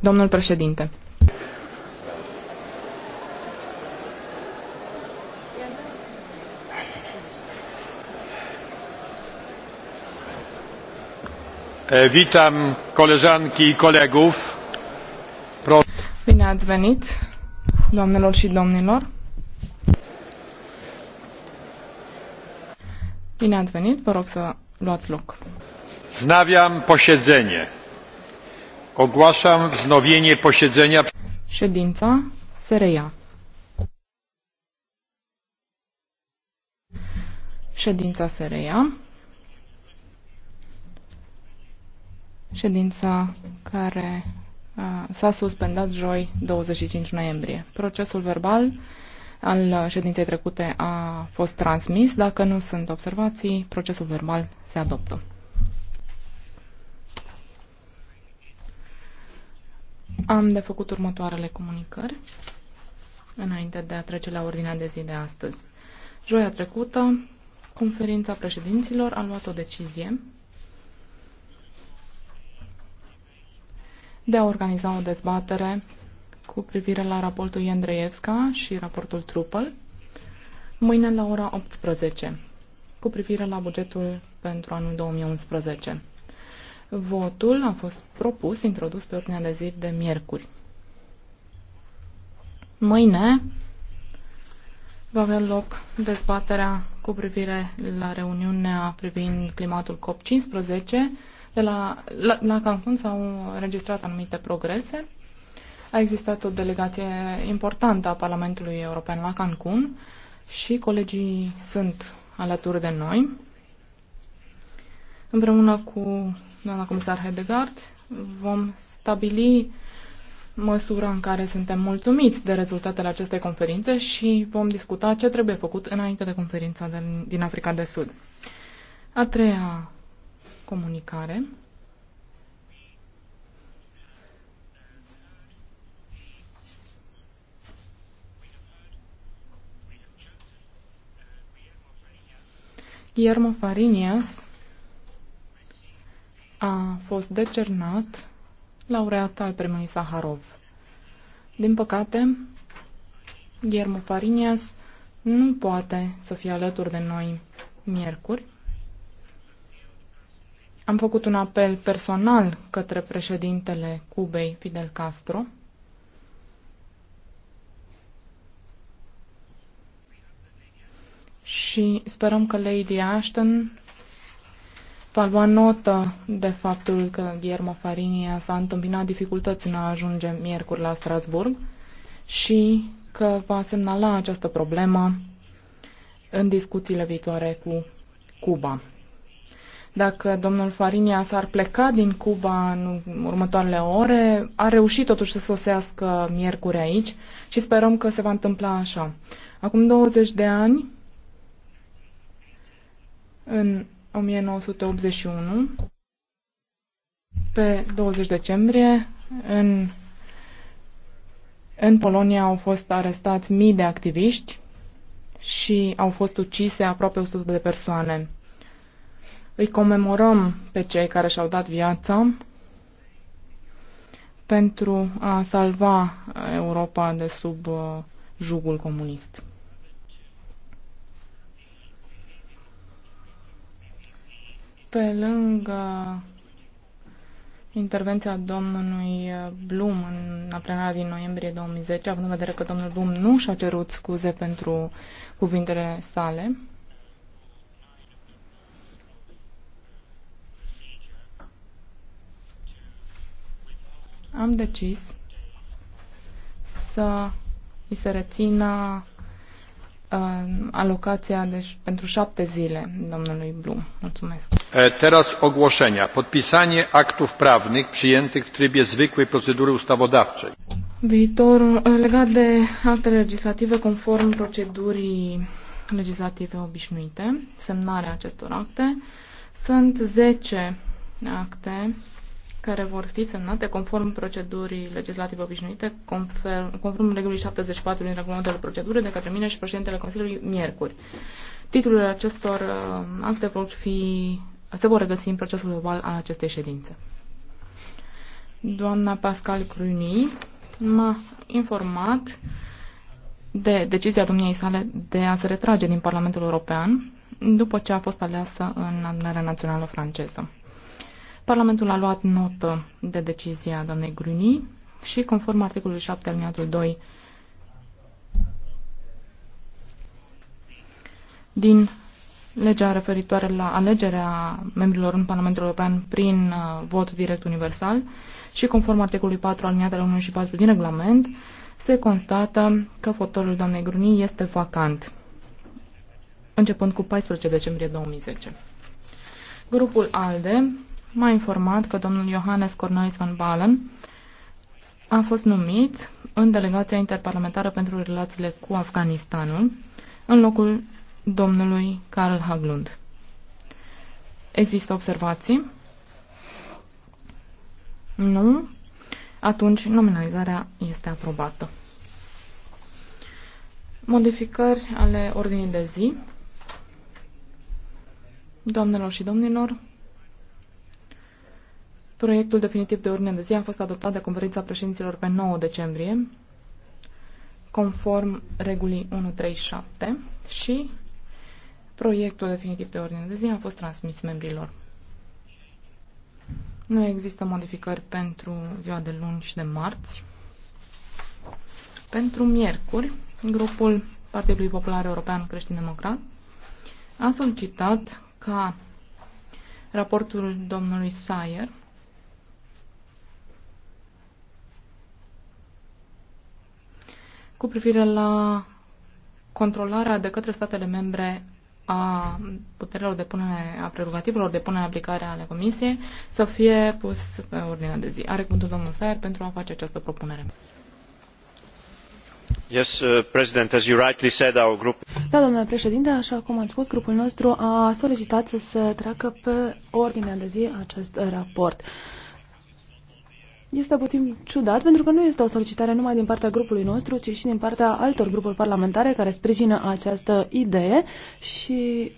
Domnul președinte. Witam koleżanki i kolegów. Pro... Bine ați venit, și domnilor. Bine ați venit, vă rog să luați loc. Wznawiam posiedzenie. Ogłaszam wznowienie posiedzenia. Ședința se reia. Ședința se reia. Ședința care s-a suspendat joi 25 noiembrie. Procesul verbal al ședinței trecute a fost transmis. Dacă nu sunt observații, procesul verbal se adoptă. Am de făcut următoarele comunicări înainte de a trece la ordinea de zi de astăzi. Joia trecută, conferința președinților a luat o decizie de a organiza o dezbatere cu privire la raportul Iendreievska și raportul Trupel mâine la ora 18 cu privire la bugetul pentru anul 2011. Votul a fost propus, introdus pe ordinea de zi de miercuri. Mâine va avea loc dezbaterea cu privire la reuniunea privind climatul COP15. De la, la, la Cancun s-au înregistrat anumite progrese. A existat o delegație importantă a Parlamentului European la Cancun și colegii sunt alături de noi. Împreună cu doamna comisar Hedegaard vom stabili măsura în care suntem mulțumiți de rezultatele acestei conferințe și vom discuta ce trebuie făcut înainte de conferința din Africa de Sud. A treia comunicare. Guillermo Farinias a fost decernat laureat al premiului Saharov. Din păcate, Guillermo Farinias nu poate să fie alături de noi miercuri. Am făcut un apel personal către președintele Cubei, Fidel Castro, și sperăm că Lady Ashton Va lua notă de faptul că Guillermo Farini s-a întâmpinat dificultăți în a ajunge miercuri la Strasburg și că va semnala această problemă în discuțiile viitoare cu Cuba. Dacă domnul Farinia s-ar pleca din Cuba în următoarele ore, a reușit totuși să sosească miercuri aici și sperăm că se va întâmpla așa. Acum 20 de ani, în 1981, pe 20 decembrie, în, în Polonia au fost arestați mii de activiști și au fost ucise aproape 100 de persoane. Îi comemorăm pe cei care și-au dat viața pentru a salva Europa de sub uh, jugul comunist. Pe lângă intervenția domnului Blum în la din noiembrie 2010, având în vedere că domnul Blum nu și-a cerut scuze pentru cuvintele sale, am decis să îi se rețină uh, alocația deci, pentru șapte zile domnului Blum. Mulțumesc. Teraz ogłoszenia. Podpisanie aktów prawnych przyjętych w trybie zwykłej procedury ustawodawczej. Viitor, legat de actele legislative conform procedurii legislative obișnuite, semnarea acestor acte, sunt 10 acte care vor fi semnate conform procedurii legislative obișnuite, conform, conform regulii 74 din regulamentul de procedură de către mine și președintele Consiliului miercuri. Titlurile acestor uh, acte vor fi, se vor regăsi în procesul verbal al acestei ședințe. Doamna Pascal Cruni m-a informat de decizia domniei sale de a se retrage din Parlamentul European după ce a fost aleasă în adunarea națională franceză. Parlamentul a luat notă de decizia doamnei Gruni și, conform articolului 7 alineatul 2 din legea referitoare la alegerea membrilor în Parlamentul European prin uh, vot direct universal și conform articolului 4 aliniatele 1 și 4 din regulament, se constată că fotorul doamnei Gruni este vacant, începând cu 14 decembrie 2010. Grupul ALDE m-a informat că domnul Johannes Cornelis van Balen a fost numit în delegația interparlamentară pentru relațiile cu Afganistanul, în locul domnului Karl Haglund. Există observații? Nu? Atunci nominalizarea este aprobată. Modificări ale ordinii de zi. Doamnelor și domnilor, Proiectul definitiv de ordine de zi a fost adoptat de conferința președinților pe 9 decembrie, conform regulii 137 și proiectul definitiv de ordine de zi a fost transmis membrilor. Nu există modificări pentru ziua de luni și de marți. Pentru miercuri, grupul Partidului Popular European Creștin Democrat a solicitat ca raportul domnului Sayer cu privire la controlarea de către statele membre a puterilor de punere, a prerogativelor de punere în aplicare ale Comisiei să fie pus pe ordinea de zi. Are cuvântul domnul Saier pentru a face această propunere. Yes, uh, President, as you rightly said, our group... Da, domnule președinte, așa cum ați spus, grupul nostru a solicitat să se treacă pe ordinea de zi acest raport. Uh, este puțin ciudat pentru că nu este o solicitare numai din partea grupului nostru, ci și din partea altor grupuri parlamentare care sprijină această idee și